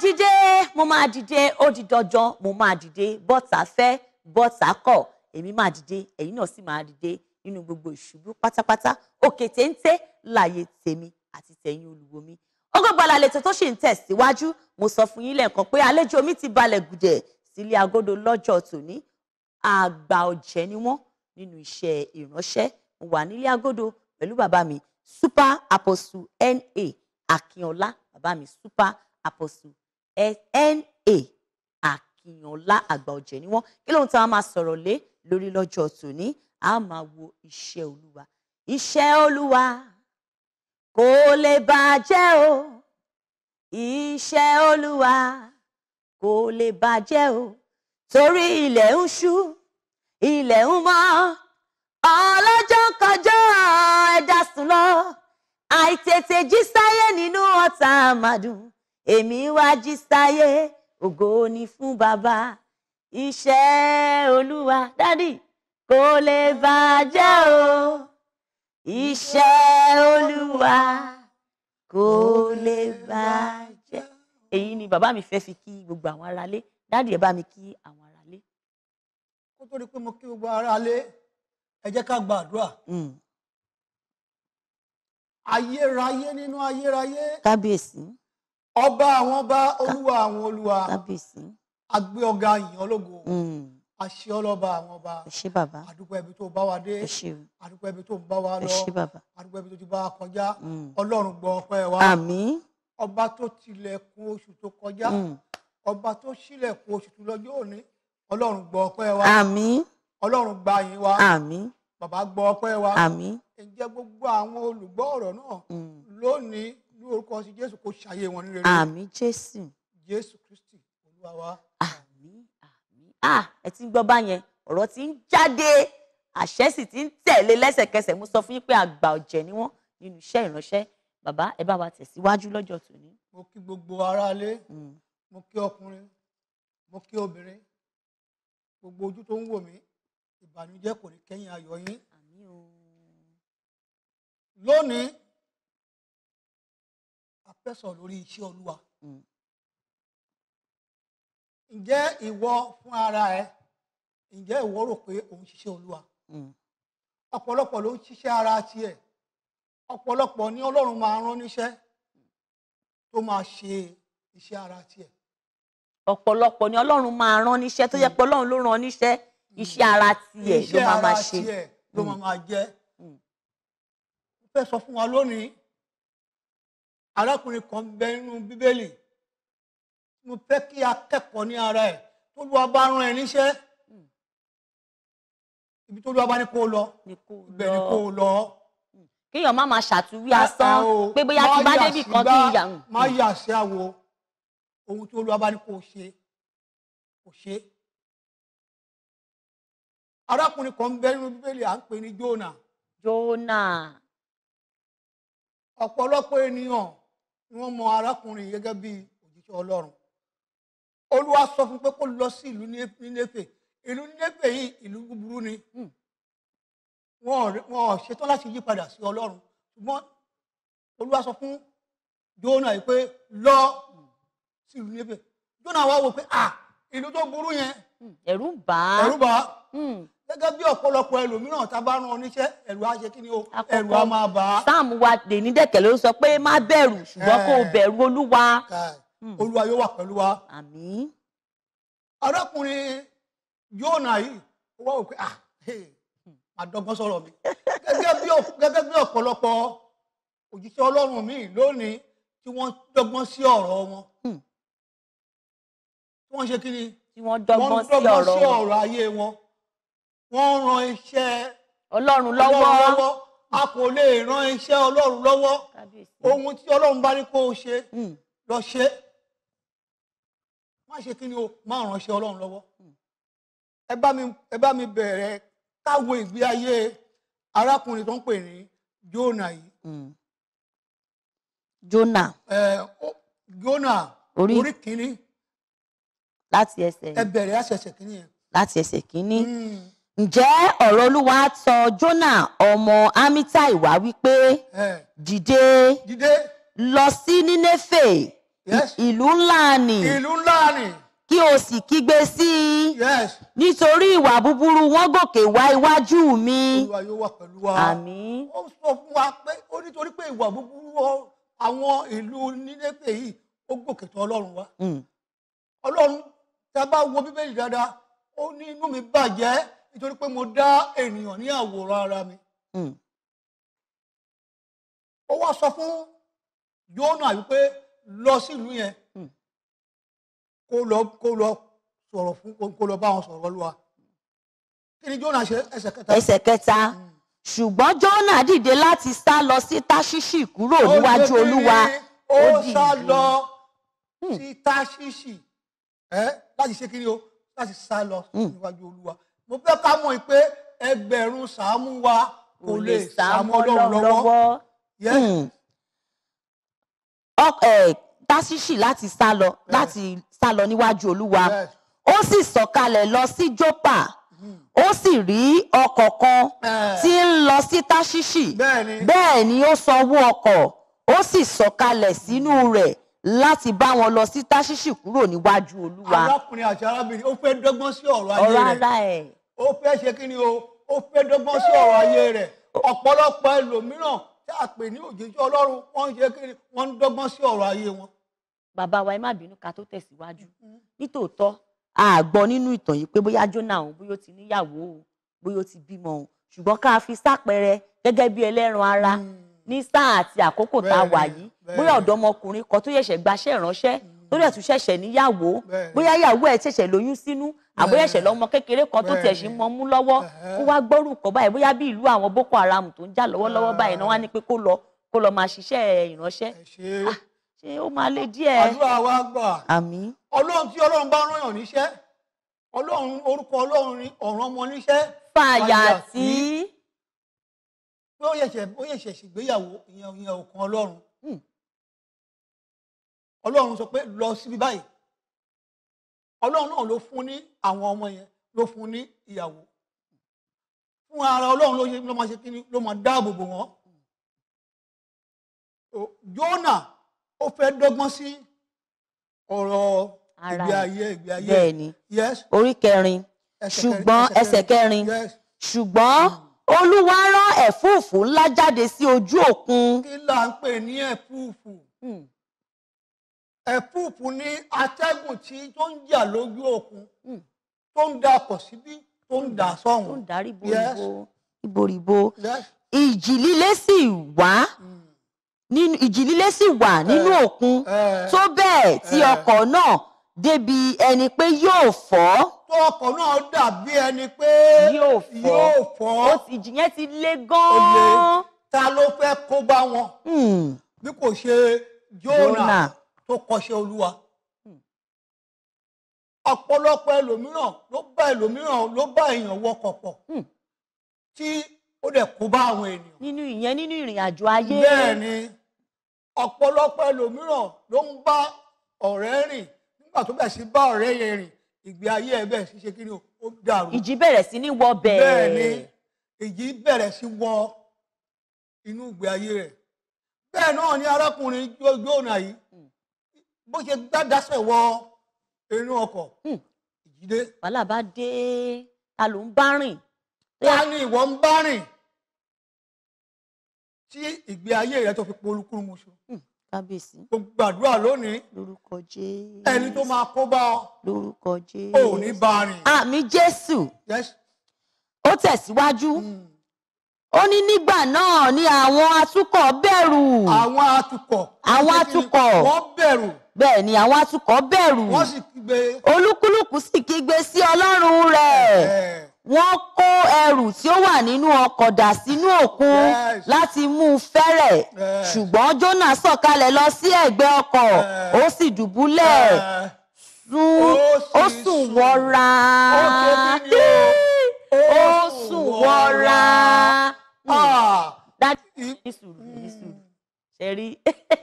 dìde mo máa dìde ó di dandan mo máa dìde bọ́tà fẹ́ bọ́tà kọ̀ èmi máa dìde ẹ̀yin náà sì máa dìde nínú gbogbo ìṣubú pátápátá òkè téńté láàyè tèmi àti tẹ̀yin olùwò mi Ògo Ìgbàlà lètò tó ṣì ń tẹ̀síwájú mo sọ fún yín lẹ́ẹ̀kan pé àlejò mi ti balẹ̀ gùdẹ̀ sílé agodo lọ́jọ́ tòní àgbà ọ̀jẹ̀ ni wọ́n nínú iṣẹ́ ìránṣẹ́ mo wà nílé agodo pẹ̀lú bàbá mi super apostle na akínọlá bàbá mi super apostle na akínọlá àgbà ọ̀jẹ̀ ni wọ́n kí lóhun tá a máa sọ̀rọ̀ lé lórí lọ́jọ́ tòní a máa wo iṣẹ́ olúwa iṣẹ́ olúwa kò lè bàjẹ́ o iṣẹ́ olúwa kò lè bàjẹ́ o torí ilẹ̀ ń ṣú ilẹ̀ ń mọ́ ọlọ́jọ́ kọjọ́ ẹ̀dá sùn lọ àìtètè jí sáyé nínú ọ̀tá àmàdùn èmi wá jí sáyé ògo ni fún bàbá iṣẹ́ olúwa dádì kò lè bàjẹ́ o iṣẹ́ olúwa kò lè bàjẹ́. èyí ni bàbá mi fẹ́ fi kí gbogbo àwọn aráalé dádì ẹ bá mi kí àwọn aráalé. kó tó di pé mo kí gbogbo aráalé ẹ jẹ́ ká gbàdúrà hmm. ayérayé nínú ayérayé. kábíyèsí ọba àwọn ọba olúwa àwọn olúwa agbé ọ̀gá ìyàn ológo àṣẹ mm. ọlọ́ba àwọn ọba àdúpẹ́ ibi tó bá wa dé àdúpẹ́ ibi tó ń bá wa lọ àdúpẹ́ ibi tó ti bá wa kọjá mm. ọlọ́run gbọ́ ọpẹ́ wa ọba tó tilẹ̀kùn oṣù tó kọjá mm. ọba tó ṣílẹ̀kùn oṣù tó lọ́jọ́ òní ọlọ́run gbọ́ ọpẹ́ wa ọlọ́run gba yín wa bàbá gbọ́ ọpẹ́ wa ǹjẹ́ gbogbo àwọn olùgbọ́ ọ̀rọ̀ náà lónìí ní orúkọ sí jésù kò ṣàyè wọn nílẹ̀ rẹ̀. àmín jésù. jésù kristi olúwa wa. àmín àmín à ah, ẹ ti ń gbọ́ báyẹn ọ̀rọ̀ ti ń jáde àṣẹ sì ti ń tẹ̀lé lẹ́sẹ̀kẹsẹ̀ mo sọ fún yín pé àgbà ọ̀jẹ̀ ni wọ́n nínú iṣẹ́ ìránṣẹ́ bàbá ẹ bá wa tẹ̀síwájú lọ́jọ́ tòní. mo kí gbogbo aráalé hmm. mo kí ọkùnrin mo kí obìnrin gbogbo ojú tó ń wò mí ìbànújẹ́ kò ní kẹ́yìn ayọ̀ yín lónìí fẹ́ sọ̀rọ̀ lórí iṣẹ́ olúwa mm. ǹjẹ́ ìwọ fún ara ẹ ǹjẹ́ ìwọ rò pé òun ṣiṣẹ́ olúwa mm. ọ̀pọ̀lọpọ̀ ló ń ṣiṣẹ́ ara tiẹ̀ ọ̀pọ̀lọpọ̀ ni ọlọ́run máa rán níṣẹ́ tó máa ṣe iṣẹ́ ara tiẹ̀. ọ̀pọ̀lọpọ̀ ni ọlọ́run máa rán níṣẹ́ tó yẹ mm. pé ọlọ́run ló rán níṣẹ́ iṣẹ́ ara tiẹ̀ ló máa máa ṣe. iṣẹ́ ara tiẹ̀ ló máa máa jẹ́. mo fẹ́ sọ fún wa lónìí arákùnrin kan bẹ nínú bíbélì mo fẹ́ kí a ní ara ẹ̀ tó lu ọba rán ẹ níṣẹ́ hmm. ibi tó lu ọba ní kó lọ ibẹ̀ ní kó lọ. Hmm. kéèyàn má máa ṣàtúwí asán pé bóyá tí bá débì kan kí n yà ń. má hmm. yà sí àwo ohun tó lu ọba ní kó ṣe kó ṣe. arákùnrin kan bẹ nínú bíbélì à ń pè ní Jónà. Jónà ọ̀pọ̀lọpọ̀ ènìyàn ni wọ́n mọ arákùnrin gẹ́gẹ́ bí òjíṣẹ́ ọlọ́run olúwa sọ fún pé kó lọ sí ìlú nínéfè ìlú nínéfè yìí ìlú búburú ni hmm. wọn ò ṣetán láti yí padà sí ọlọ́run ṣùgbọ́n olúwa sọ fún jóná yìí pé lọ sí ìlú nínéfè jóná wá wò pé à ìlú tó burú yẹn hmm. ẹ̀rù bà á ẹ̀rù hmm gẹ́gẹ́ bí ọ̀pọ̀lọpọ̀ ẹlòmíràn tá a bá rán oníṣẹ́ ẹ̀rù á ṣe kí ni o ẹ̀rù á máa bà á. sam wa dèní dẹ̀kẹ̀ ló sọ pé má bẹ̀rù ṣùgbọ́n kó bẹ̀rù olúwa. Hmm. olúwa yóò wà pẹ̀lú wa. àmín. arákùnrin Jónà yìí ó wá wò pé ah hmm. máa dọ́gbọ́n sọ̀rọ̀ mi gẹ́gẹ́ bí ọ̀pọ̀lọpọ̀ òjíṣẹ́ ọlọ́run mi lónìí tí wọ́n dọ́gbọ́n sí ọ̀rọ̀ wọn. Hmm. tí wọ́n ṣe kí ni. tí wọ́n dọ́gbọ́n sí ọ̀rọ̀ ayé wọn wọ́n ran iṣẹ́ ọlọ́run lọ́wọ́ a kò lè ran iṣẹ́ ọlọ́run lọ́wọ́ ohun tí ọlọ́run bá ní kó o ṣe hmm. lọ ṣe má ṣe kí ni o má ran iṣẹ́ ọlọ́run lọ́wọ́ hmm. ẹ bá mi bẹ̀rẹ̀ káwo ìgbé ayé arákùnrin tó ń pè ní Jónà yìí. Hmm. Jónà. ẹ orí kìíní. láti ẹsẹ̀. ẹ bẹ̀rẹ̀ láti ẹsẹ̀ kìíní láti ẹsẹ̀ kìíní ǹjẹ́ ọ̀rọ̀ olúwa tọ jọ́nà ọmọ amitai wá wípé dìde lọ sí nínéfè ìlú ńlá nì kí o sì kígbe sí i nítorí ìwà búburú wọn gòkè wá iwájú mi àmín. ó sọ fún wa pé ó nítorí pé ìwà búburú àwọn ìlú nínéfè yìí ó gòkè tọ̀ ọlọ́run wa hmm. ọlọ́run tá a bá wo bíbélì dáadáa ó ní inú mi bàjẹ́ nítorí pé mo dá ènìyàn ní àwòrán ara mi. Hmm. ó wá sọ fún Jónà wípé lọ sílùú yẹn hmm. kó lọ kó lọ sọ̀rọ̀ fún kó lọ bá wọn sọ̀rọ̀ lọ́wọ́ kí ni Jónà ṣe ẹsẹ̀ kẹta. ẹsẹ̀ kẹta hmm. ṣùgbọ́n Jónà dìde láti sá lọ sí Táṣíṣì kúrò níwájú Olúwa ó sá lọ sí Táṣíṣì láti ṣe kí ni o láti sá lọ níwájú Olúwa mo fẹ́ ká mọ̀ pé ẹgbẹ̀rún sàámú wa kò lè sàámú ọlọ́run lọ́wọ́. Hmm. Táṣíṣì láti sá lọ láti sá lọ níwájú Olúwa ó sì sọ̀kalẹ̀ lọ sí Jópa hmm. ó sì rí ọkọ̀ kan tí ń lọ sí Táṣíṣì bẹ́ẹ̀ ni ó sanwó ọkọ̀ ó sì sọ̀kalẹ̀ sínú rẹ̀ láti bá wọn lọ sí táṣíṣì kúrò níwájú olúwa. arákùnrin àti arábìnrin ó fẹ́ dọ́gbọ́n sí ọ̀rọ̀ ayé rẹ̀ ọ̀rọ̀ ara ẹ̀. ó fẹ́ ṣe kí ni o ó fẹ́ dọ́gbọ́n sí ọ̀rọ̀ ayé rẹ̀ ọ̀pọ̀lọpọ̀ ẹlòmíràn tí a pè ní òjijì ọlọ́run wọ́n ń ṣe kí ni wọ́n ń dọ́gbọ́n sí ọ̀rọ̀ ayé wọn. bàbá wa ẹ má bínú ká tó tẹ̀síwájú nítòótọ́ a gbọ́ nínú ìtàn yìí pé bóyá Jónà òun bóyá ó ti níyàwó òun bóyá ó ti bímọ òun ṣùgbọ́n ká fi sápẹrẹ gẹ́gẹ́ bí ẹlẹ́ran ara hmm ní sáà àti àkókò tá a wà yìí bóyá ọ̀dọ́mọkùnrin kan tó ṣẹ̀ṣẹ̀ gbaṣẹ́ ìránṣẹ́ mm. tó dẹ̀ tún ṣẹ̀ṣẹ̀ níyàwó bóyá ìyàwó ẹ̀ ṣẹ̀ṣẹ̀ lóyún sínú àbóyẹ̀ṣẹ̀ lọ́mọ kékeré kan tó tiẹ̀ ṣe mọ́ mú lọ́wọ́ kó wá gbọ́rùkọ báyìí bóyá bí ìlú àwọn Boko Haram tó ń jà lọ́wọ́lọ́wọ́ ah. báyìí náà wá ní pé kó lọ kó lọ máa ṣiṣẹ́ ìránṣẹ́ ah, ṣé ó máa lé díẹ̀. àdúrà wa gbà àmín ọlọ́run tí ọlọ́run bá rán yàn níṣẹ́ ọlọ́run orúkọ ọlọ́run ọ̀ràn ọmọ fàyà tí pé ó yẹ̀ṣẹ̀ ó yẹ̀ṣẹ̀ ṣègbéyàwó ìyẹn ìyẹn òkan ọlọ́run hmm. ọlọ́run sọ pé lọ síbi báyìí ọlọ́run náà ló fún ní àwọn ọmọ yẹn ló fún ní ìyàwó fún ara ọlọ́run ló ló máa ṣe kí ni ló máa dáàbò bò wọ́n Jónà ó fẹ́ dọ́gbọ́n sí ọ̀rọ̀ ìgbé ayé ìgbé ayé bẹ́ẹ̀ ni orí kẹrin ṣùgbọ́n ẹsẹ̀ kẹrin ṣùgbọ́n. Hmm olúwa rán ẹ̀fúùfù ńlá jáde sí ojú òkun. kí là ń pè ní ẹ̀fúùfù? Hmm. ẹ̀fúùfù ni atẹ́gùn tí tó ń jà lójú òkun hmm. tó ń da pọ̀ síbí tó ń hmm. dà sọ́hùn. tó ń darí iboribo ìjì líle sì wá nínú ìjì líle sì wà eh. nínú òkun eh. tó bẹ́ẹ̀ tí eh. ọkọ̀ náà débi ẹni pé yóò fọ́ ọkọ̀ náà dàbí ẹni pé yóò fọ́ ó sì jìyẹn ti le gan-an. ta ló fẹ́ kó bá wọn hmm. bí kò ṣe Jónà tó kọṣẹ́ Olúwa ọ̀pọ̀lọpọ̀ ẹlòmíràn ló bá ẹlòmíràn ló bá èèyàn wọkọ̀ pọ̀ hmm. tí ó dẹ̀ kó bá àwọn ènìyàn. nínú ìyẹn nínú ìrìn àjò ayé. bẹ́ẹ̀ ni ọ̀pọ̀lọpọ̀ ẹlòmíràn ló ń bá ọ̀rẹ́ rìn nígbà tó bẹ̀ sí bá ọ̀rẹ́ yẹn rìn ìgbé ayé ẹ bẹ́ẹ̀ ṣe ṣe kí ni ó dàrú. ìjì bẹ̀rẹ̀ sí ní wọ bẹ́ẹ̀. bẹ́ẹ̀ ni ìjì bẹ̀rẹ̀ sí wọ inú ìgbé ayé rẹ̀ bẹ́ẹ̀ náà ni arákùnrin jóná yìí hmm. bó ṣe gbádàsẹ̀ wọ inú ọkọ̀ hmm. ìjì wàhálà bá dé ta ló ń bá rìn. ta ni ìwọ ń bá rìn tí ìgbé ayé rẹ tó fi polúkúrú mu ṣo. Hmm kábíyèsí. mo gbàdúrà lónìí. lórúkọ jésù. ẹni tó máa kó bá ọ. lórúkọ jésù. o ò ní bá a rìn. àmì jésù. ó tẹ̀síwájú. Hmm. ó ní nígbà náà ni àwọn atukọ̀ bẹ̀rù. àwọn atukọ̀. àwọn atukọ̀. wọ́n bẹ̀rù. bẹ́ẹ̀ ni àwọn atukọ̀ bẹ̀rù. wọ́n sì kígbe. olúkúlùkù sì kígbe sí ọlọ́run rẹ̀. wọ́n kó ẹrù tí ó wà nínú ọkọ̀ dà sínú òkun láti mú un fẹ́rẹ̀ ṣùgbọ́n Jónà sọ̀kalẹ̀ lọ sí ẹ̀gbẹ́ ọkọ̀ ó sì dùbúlẹ̀ ó sùn wọra ó sùn wọra hmm. ah. dájú ní sùúrù hmm. ṣe rí.